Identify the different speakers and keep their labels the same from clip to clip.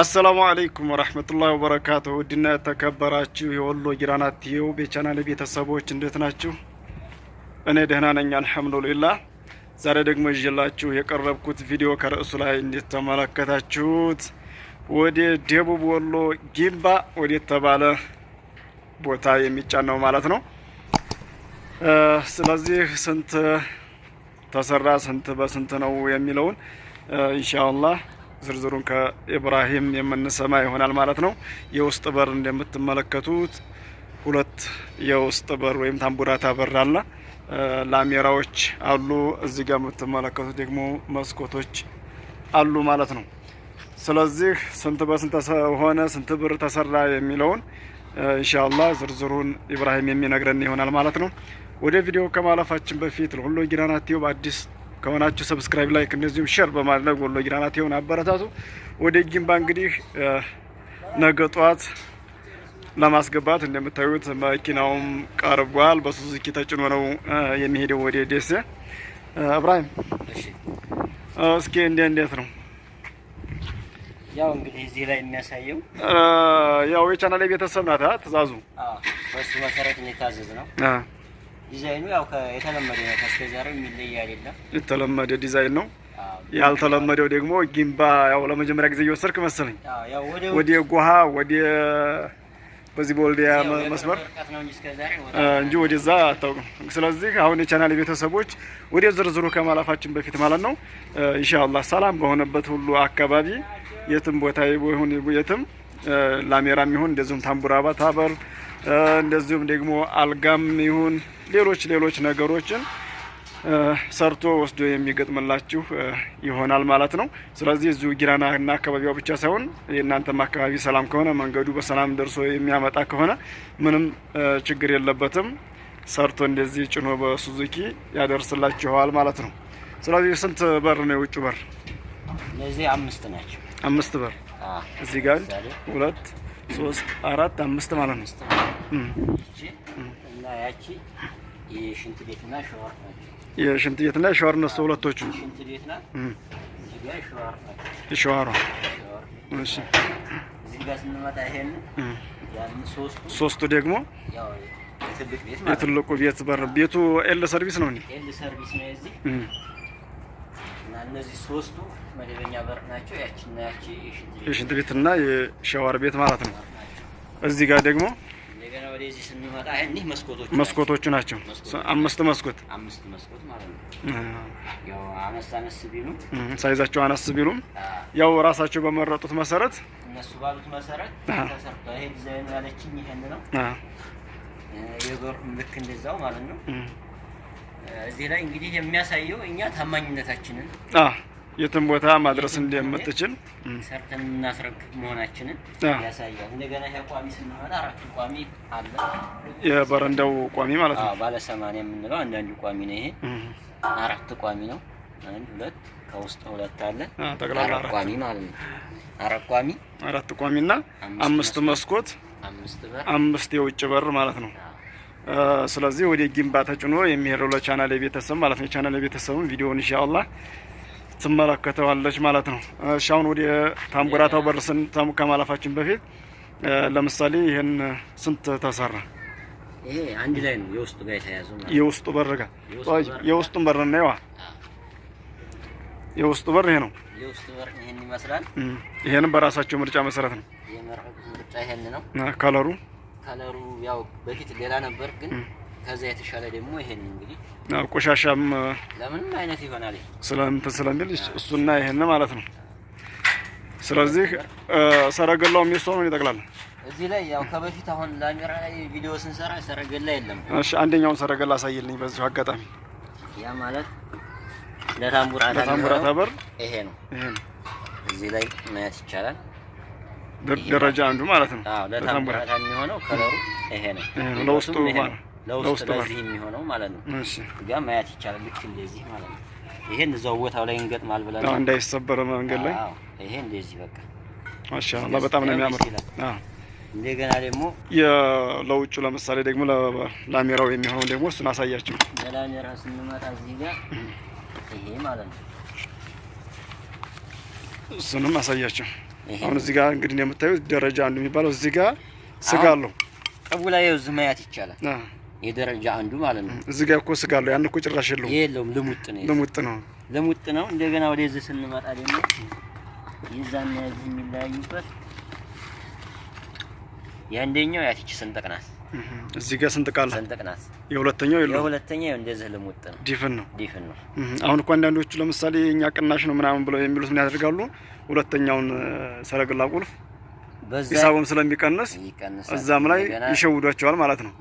Speaker 1: አሰላሙ አለይኩም ወረህመቱላሂ ወበረካቱ። ውድና የተከበራችሁ የወሎ ጊራና ቲዩብ የቻናል ቤተሰቦች እንዴት ናችሁ? እኔ ደህና ነኝ አልሐምዱሊላህ። ዛሬ ደግሞ ይዤላችሁ የቀረብኩት ቪዲዮ ከርዕሱ ላይ እንደተመለከታችሁት ወደ ደቡብ ወሎ ጊምባ ወደ ተባለ ቦታ የሚጫን ነው ማለት ነው። ስለዚህ ስንት ተሰራ ስንት በስንት ነው የሚለውን ኢንሻአላህ ዝርዝሩን ከኢብራሂም የምንሰማ ይሆናል ማለት ነው። የውስጥ በር እንደምትመለከቱት ሁለት የውስጥ በር ወይም ታምቡራታ በር አለ። ላሜራዎች አሉ። እዚህ ጋር የምትመለከቱት ደግሞ መስኮቶች አሉ ማለት ነው። ስለዚህ ስንት በስንት ሆነ፣ ስንት ብር ተሰራ የሚለውን እንሻላ ዝርዝሩን ኢብራሂም የሚነግረን ይሆናል ማለት ነው። ወደ ቪዲዮ ከማለፋችን በፊት ለሁሉ ጊራናቲው በአዲስ ከሆናችሁ ሰብስክራይብ፣ ላይክ እንደዚሁም ሸር በማድረግ ወሎ ጊራናት የሆነ አበረታቱ። ወደ ጊምባ እንግዲህ ነገ ጠዋት ለማስገባት እንደምታዩት መኪናውም ቀርቧል። በሱዙኪ ተጭኖ ነው የሚሄደው ወደ ደሴ። እብራሂም እስኪ እንዴ እንዴት ነው ያው እንግዲህ እዚህ ላይ የሚያሳየው
Speaker 2: ያው የቻናል ቤተሰብ ናት ትእዛዙ።
Speaker 1: በሱ መሰረት የታዘዝ ነው ዲዛይኑ ያው የተለመደ ነው። ከስከዛሬ የሚለይ አይደለም።
Speaker 2: የተለመደ ዲዛይን ነው። ያልተለመደው ደግሞ ጊምባ ያው ለመጀመሪያ ጊዜ እየወሰድክ መሰለኝ ወደ ጎሃ ወደ በዚህ በወልዲያ መስመር እንጂ ወደዛ አታውቅም። ስለዚህ አሁን የቻናል ቤተሰቦች ወደ ዝርዝሩ ከማላፋችን በፊት ማለት ነው ኢንሻአላህ ሰላም በሆነበት ሁሉ አካባቢ የትም ቦታ ይሁን የትም ላሜራም ይሁን እንደዚሁም ታምቡራባ ታበር እንደዚሁም ደግሞ አልጋም ይሁን ሌሎች ሌሎች ነገሮችን ሰርቶ ወስዶ የሚገጥምላችሁ ይሆናል ማለት ነው። ስለዚህ እዚሁ ጊራና እና አካባቢዋ ብቻ ሳይሆን የእናንተም አካባቢ ሰላም ከሆነ መንገዱ በሰላም ደርሶ የሚያመጣ ከሆነ ምንም ችግር የለበትም። ሰርቶ እንደዚህ ጭኖ በሱዙኪ ያደርስላችኋል ማለት ነው። ስለዚህ ስንት በር ነው? የውጭ በር
Speaker 1: እነዚህ አምስት ናቸው።
Speaker 2: አምስት በር እዚህ ጋር ሁለት ሶስት አራት አምስት ማለት ነው።
Speaker 1: የሽንት ቤትና ሻወር ናቸው።
Speaker 2: የሽንት ቤትና ሁለቶቹ ሻወር። ሶስቱ ደግሞ የትልቁ ቤት በር ቤቱ ኤል ሰርቪስ ነው።
Speaker 1: እነዚህ ሶስቱ መደበኛ በር ናቸው። ያቺና ያቺ
Speaker 2: የሽንት እና የሻወር ቤት ማለት ነው። እዚህ ጋር ደግሞ
Speaker 1: እንደገና ወደዚህ ስንመጣ እኒህ መስኮቶቹ
Speaker 2: መስኮቶቹ ናቸው። አምስት መስኮት
Speaker 1: አምስት መስኮት ማለት ነው። ያው አነስ አነስ ቢሉ
Speaker 2: ሳይዛቸው አነስ ቢሉም ያው ራሳቸው በመረጡት መሰረት
Speaker 1: እነሱ ባሉት መሰረት ተሰርቶ ይሄ ዲዛይን ያለችኝ ይሄን ነው። የበር ልክ እንደዛው ማለት ነው። እዚህ ላይ እንግዲህ የሚያሳየው እኛ ታማኝነታችንን
Speaker 2: የትም ቦታ ማድረስ እንደምትችል
Speaker 1: ሰርተን እናስረክብ መሆናችንን ያሳያል። እንደገና ይሄ ቋሚ ስናመጣ አራቱ ቋሚ አለ።
Speaker 2: የበረንዳው ቋሚ ማለት ነው።
Speaker 1: ባለ ሰማንያ የምንለው አንዳንዱ ቋሚ ነው። ይሄ አራት ቋሚ ነው። አንድ ሁለት፣ ከውስጥ ሁለት አለ። ጠቅላላ ቋሚ ማለት ነው። አራት ቋሚ
Speaker 2: አራት ቋሚና አምስት መስኮት አምስት በር አምስት የውጭ በር ማለት ነው። ስለዚህ ወደ ግንባ ተጭኖ የሚሄደው ለቻናል የቤተሰብ ማለት ነው። የቻናል የቤተሰብም ቪዲዮውን ኢንሻአላህ ትመለከተዋለች ማለት ነው። ሻውን ወደ ታምጉራታው በርስን ታሙ ከማለፋችን በፊት ለምሳሌ ይሄን ስንት ተሰራ?
Speaker 1: ይሄ አንድ ላይ ነው የውስጡ ጋር የተያዘው ማለት ነው።
Speaker 2: የውስጡ በር ጋር የውስጡን በር ነው። የውስጡ በር ይሄ ነው።
Speaker 1: የውስጡ በር ይሄን ይመስላል።
Speaker 2: ይሄንም በራሳቸው ምርጫ መሰረት ነው።
Speaker 1: የመረጡት ምርጫ ይሄን ነው። ከለሩ ከለሩ ያው በፊት ሌላ ነበር፣ ግን ከዛ የተሻለ ደግሞ ይሄን እንግዲህ ቆሻሻም ለምንም አይነት ይሆናል
Speaker 2: ስለምትን ስለሚል እሱና ይሄን ማለት ነው። ስለዚህ ሰረገላው የሚሰው ነው ይጠቅላል።
Speaker 1: እዚህ ላይ ያው ከበፊት አሁን ላሜራ ላይ ቪዲዮ ስንሰራ ሰረገላ የለም።
Speaker 2: እሺ አንደኛውን ሰረገላ አሳይልኝ በዚሁ አጋጣሚ።
Speaker 1: ያ ማለት ለታምቡራታ በር ይሄ ነው። እዚህ ላይ ማየት ይቻላል።
Speaker 2: ደረጃ አንዱ ማለት ነው።
Speaker 1: አዎ ለታምባታ የሚሆነው ከለሩ ይሄ ነው። ለውስጡ ለውስጡ ለዚህ የሚሆነው ማለት ነው። እሺ ጋር ማየት ይቻላል። ልክ እንደዚህ ማለት ነው። ይሄን እዛው ቦታው ላይ እንገጥማል ብለን
Speaker 2: አዎ፣ እንዳይሰበረ መንገድ ላይ አዎ።
Speaker 1: ይሄ እንደዚህ በቃ
Speaker 2: ማሻአላ በጣም ነው የሚያምር። አዎ
Speaker 1: እንደገና ደግሞ
Speaker 2: ለውጩ ለምሳሌ ደግሞ ለላሜራው የሚሆነው ደግሞ እሱን አሳያችሁ።
Speaker 1: ለላሜራ ስንመጣ እዚህ ጋር ይሄ ማለት ነው።
Speaker 2: እሱንም አሳያችሁ። አሁን እዚህ ጋር እንግዲህ የምታዩት ደረጃ አንዱ የሚባለው እዚህ ጋር ስጋ አለው።
Speaker 1: ቅቡ ላይ እዚህ ማየት ይቻላል። የደረጃ አንዱ ማለት ነው።
Speaker 2: እዚህ ጋር እኮ ስጋ አለው። ያን እኮ ጭራሽ የለውም
Speaker 1: የለውም። ልሙጥ ነው ልሙጥ ነው ልሙጥ ነው። እንደገና ወደ እዚህ ስንመጣ ደግሞ ይዛና የሚለያዩበት የአንደኛው ያቺ ስንጠቅናት
Speaker 2: እዚህ ጋር ስንጥቅ አለ። ስንጥቅ ናት። የሁለተኛው የለ
Speaker 1: የሁለተኛው እንደዚህ ልሙጥ ነው፣
Speaker 2: ዲፍን ነው፣ ዲፍን ነው። አሁን እኮ አንዳንዶቹ ለምሳሌ እኛ ቅናሽ ነው ምናምን ብለው የሚሉት ምን ያደርጋሉ? ሁለተኛውን ሰረግላ ቁልፍ ሂሳቡም ስለሚቀንስ እዛም ላይ ይሸውዷቸዋል ማለት ነው።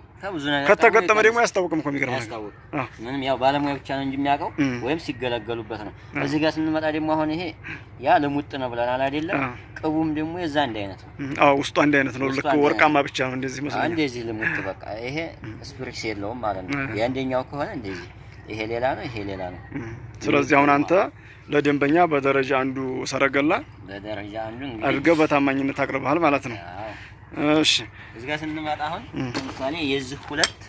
Speaker 2: ከተገጠመ ደግሞ ያስታውቅም እኮ
Speaker 1: ምንም ያው ባለሙያ ብቻ ነው እንጂ የሚያውቀው ወይም ሲገለገሉበት ነው። እዚህ ጋር ስንመጣ ደግሞ አሁን ይሄ ያ ለሙጥ ነው ብለናል አይደለም? ቅቡም ደግሞ የዛ አንድ አይነት ነው።
Speaker 2: ውስጡ አንድ አይነት ነው። ልክ ወርቃማ ብቻ ነው እንደዚህ
Speaker 1: መስሎኝ እንደዚህ ልሙጥ በቃ ይሄ ስፕሪክስ የለውም ማለት ነው። የአንደኛው ከሆነ እንደዚህ ይሄ ሌላ ነው፣ ይሄ ሌላ ነው።
Speaker 2: ስለዚህ አሁን አንተ ለደንበኛ በደረጃ አንዱ ሰረገላ
Speaker 1: በደረጃ አንዱ
Speaker 2: አድርገህ በታማኝነት አቅርበሃል ማለት ነው። እሺ
Speaker 1: እዚህ ጋር ስንመጣ አሁን ለምሳሌ የዚህ ሁለት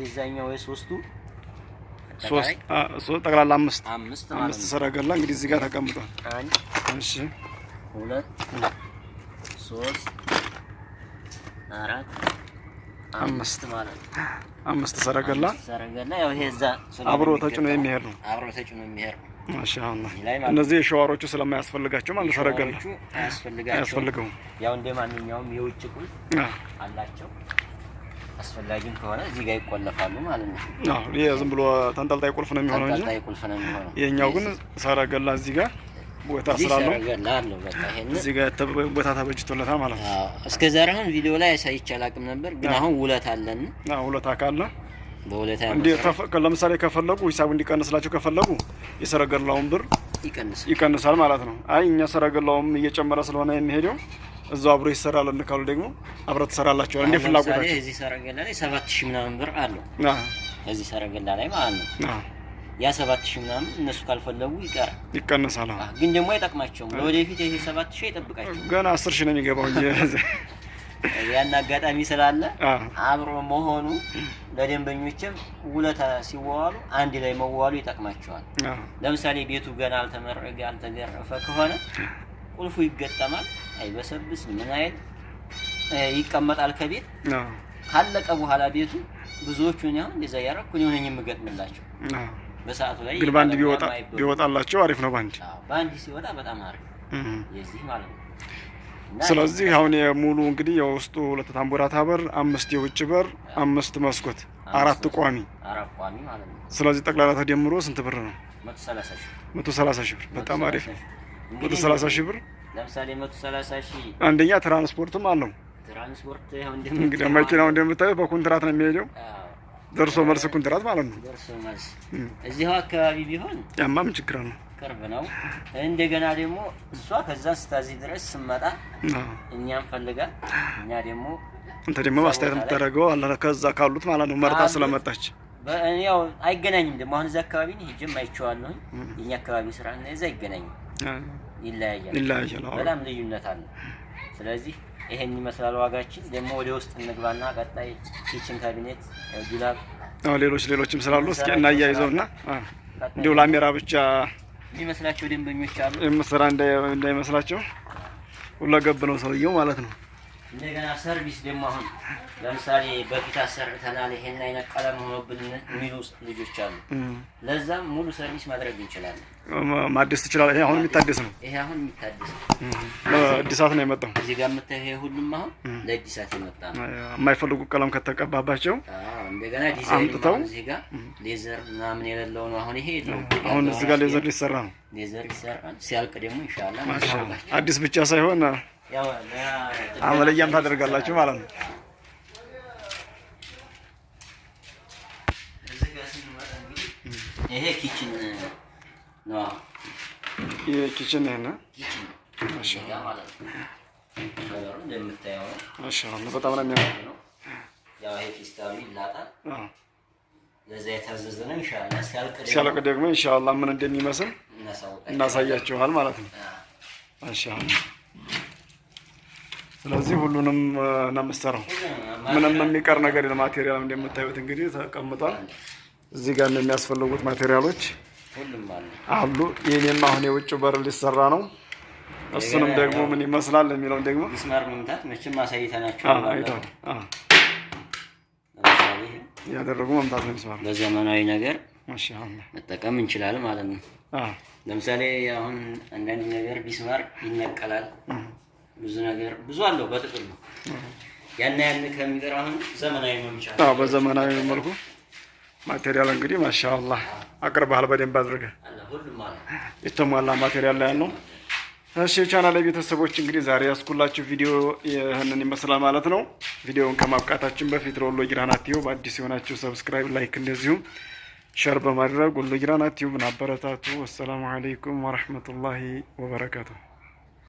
Speaker 1: የዛኛው የሶስቱ
Speaker 2: ሶስት ጠቅላላ አምስት አምስት ማለት ነው። ሰረገላ እንግዲህ እዚህ ጋር ተቀምጧል። እሺ
Speaker 1: ሁለት ሶስት አራት አምስት ማለት
Speaker 2: ነው። አምስት ሰረገላ
Speaker 1: ሰረገላ ያው ይሄ እዛ
Speaker 2: አብሮ ተጭኖ የሚሄድ ነው።
Speaker 1: አብሮ ተጭኖ የሚሄድ ነው።
Speaker 2: ማሻአላ እነዚህ የሸዋሮቹ ስለማያስፈልጋቸው ማለት ሰረገላ አያስፈልገው።
Speaker 1: ያው እንደ ማንኛውም የውጭ ቁልፍ አላቸው። አስፈላጊም ከሆነ እዚህ ጋር ይቆለፋሉ ማለት ነው።
Speaker 2: አዎ ይሄ ዝም ብሎ ተንጠልጣይ ቁልፍ ነው የሚሆነው
Speaker 1: እንጂ ተንጠልጣይ ቁልፍ ነው የሚሆነው።
Speaker 2: የኛው ግን ሰረገላ እዚህ ጋር ቦታ ነው በቃ ይሄን እዚህ ጋር ቦታ ተበጅቶለታል ማለት ነው።
Speaker 1: አዎ እስከ ዛሬ አሁን ቪዲዮ ላይ አሳይቼ አላቅም ነበር፣ ግን አሁን ውለት አለን።
Speaker 2: አዎ ውለት ካለ በውለታ ለምሳሌ ከፈለጉ ሂሳቡ እንዲቀንስላቸው ከፈለጉ የሰረገላውን ብር ይቀንሳል ማለት ነው። አይ እኛ ሰረገላውም እየጨመረ ስለሆነ የሚሄደው እዛው አብሮ ይሰራል እንካሉ ደግሞ አብረ ትሰራላቸዋል እንዴ
Speaker 1: ፍላጎታቸው። እዚህ ሰረገላ ላይ 7000 ምናምን ብር አለው አዎ እዚህ ሰረገላ ላይ ማለት ነው። አዎ ያ ሰባት ሺህ ምናምን እነሱ ካልፈለጉ ይቀራል፣ ይቀነሳል። ግን ደግሞ አይጠቅማቸውም። ለወደፊት ይሄ ሰባት ሺህ አይጠብቃቸውም።
Speaker 2: ገና አስር ሺህ ነው የሚገባው
Speaker 1: ያን አጋጣሚ ስላለ አብሮ መሆኑ ለደንበኞችም ውለታ ሲዋዋሉ አንድ ላይ መዋሉ ይጠቅማቸዋል። ለምሳሌ ቤቱ ገና አልተመረገ አልተገረፈ ከሆነ ቁልፉ ይገጠማል፣ አይበሰብስ ምን አይል ይቀመጣል ከቤት ካለቀ በኋላ ቤቱ ብዙዎቹን ያሁን እንደዛ ያረኩ እኔ ሆነኝ የምገጥምላቸው
Speaker 2: በሰዓቱ ላይ ግን ባንድ ቢወጣ ቢወጣላቸው አሪፍ ነው። ባንድ
Speaker 1: ባንድ ሲወጣ በጣም አሪፍ የዚህ ማለት ነው።
Speaker 2: ስለዚህ አሁን የሙሉ እንግዲህ የውስጡ ሁለት ታምቡራት በር፣ አምስት የውጭ በር፣ አምስት መስኮት፣ አራት ቋሚ ስለዚህ ጠቅላላ ተደምሮ ስንት ብር ነው? ሺህ 130 ሺህ ብር። በጣም አሪፍ ነው። 130 ሺህ ብር
Speaker 1: ለምሳሌ 130 ሺህ
Speaker 2: አንደኛ ትራንስፖርትም አለው።
Speaker 1: ትራንስፖርት
Speaker 2: ያው እንደምታየው መኪናው እንደምታየው በኮንትራት ነው የሚሄደው ደርሶ መልስ ኩንትራት ማለት ነው።
Speaker 1: ደርሶ መልስ እዚህው አካባቢ ቢሆን
Speaker 2: ያማ ምን ችግር ነው?
Speaker 1: ቅርብ ነው። እንደገና ደግሞ እሷ ከዛ ስታዚህ ድረስ ስመጣ እኛም ፈልጋ እኛ ደግሞ
Speaker 2: እንተ ደግሞ ማስተያየት የምታደርገው አለ ከዛ ካሉት ማለት ነው። መርታ ስለመጣች
Speaker 1: ያው አይገናኝም። ደግሞ አሁን እዛ አካባቢ ነው ሄጄም አይቼዋለሁ። የኛ አካባቢ ስራ እዛ አይገናኝም፣
Speaker 2: ይለያያል።
Speaker 1: በጣም ልዩነት አለ። ስለዚህ ይሄን ይመስላል ዋጋችን። ደግሞ ወደ ውስጥ እንግባና ቀጣይ ኪችን ካቢኔት ጁላብ
Speaker 2: ሌሎች ሌሎችም ስላሉ እስኪ እናያይዘው እና እንዲሁ ላሜራ ብቻ
Speaker 1: የሚመስላቸው ደንበኞች
Speaker 2: አሉ። የምስራ እንዳይመስላቸው ሁለገብ ነው ሰውየው ማለት ነው።
Speaker 1: እንደገና ሰርቪስ ደግሞ አሁን ለምሳሌ በፊት አሰርተናል ይሄን አይነት ቀለም ሆኖብን የሚሉ ልጆች አሉ። ለዛም ሙሉ ሰርቪስ ማድረግ እንችላለን።
Speaker 2: ማደስ ትችላል። ይሄ አሁን የሚታደስ ነው።
Speaker 1: ይሄ አሁን የሚታደስ
Speaker 2: ነው። እድሳት ነው የመጣው።
Speaker 1: እዚህ ጋር የምታየው ይሄ ሁሉም አሁን ለእድሳት የመጣ
Speaker 2: ነው። የማይፈልጉ ቀለም ከተቀባባቸው
Speaker 1: እንደገና ዲዛይን አምጥተው እዚህ ጋር ሌዘር ምናምን የሌለው ነው። አሁን ይሄ
Speaker 2: አሁን እዚህ ጋር ሌዘር ሊሰራ ነው።
Speaker 1: ሌዘር ይሰራል። ሲያልቅ ደግሞ ይሻላል።
Speaker 2: አዲስ ብቻ ሳይሆን አመለያም ታደርጋላችሁ ማለት ነው።
Speaker 1: ይሄ ኪችን ነው። ነው። በጣም ነው ያው
Speaker 2: ሲያልቅ ደግሞ ኢንሻአላህ ምን እንደሚመስል
Speaker 1: እናሳያችኋል ማለት ነው።
Speaker 2: ስለዚህ ሁሉንም ነው የምትሰራው። ምንም የሚቀር ነገር ማቴሪያል እንደምታዩት እንግዲህ ተቀምጧል። እዚህ ጋር የሚያስፈልጉት ማቴሪያሎች አሉ። ይህኔም አሁን የውጭ በር ሊሰራ ነው። እሱንም ደግሞ ምን ይመስላል የሚለውን ደግሞ
Speaker 1: ሚስማር መምታት መቼም አሳይተናቸው
Speaker 2: ያደረጉ መምታት ነው።
Speaker 1: ሚስማር በዘመናዊ ነገር መጠቀም እንችላለን ማለት ነው። ለምሳሌ አሁን አንዳንድ ነገር ቢስማር ይነቀላል ብዙ ነገር ብዙ አለው ነው ያን ያን ከሚቀር አሁን ዘመናዊ መምቻ
Speaker 2: አዎ፣ በዘመናዊ መልኩ ማቴሪያል እንግዲህ ማሻአላህ አቅርበሃል በደንብ አድርገህ የተሟላ ማቴሪያል ላይ ነው። እሺ የቻናል ቤተሰቦች እንግዲህ ዛሬ ያስኩላችሁ ቪዲዮ ይህንን ይመስላል ማለት ነው። ቪዲዮውን ከማብቃታችን በፊት ለወሎ ጊራና ቲዩብ አዲስ የሆናችሁ ሰብስክራይብ፣ ላይክ እንደዚሁም ሸር በማድረግ ወሎ ጊራና ቲዩብን አበረታቱ። ወሰላሙ አለይኩም ወረህመቱላሂ ወበረካቱሁ።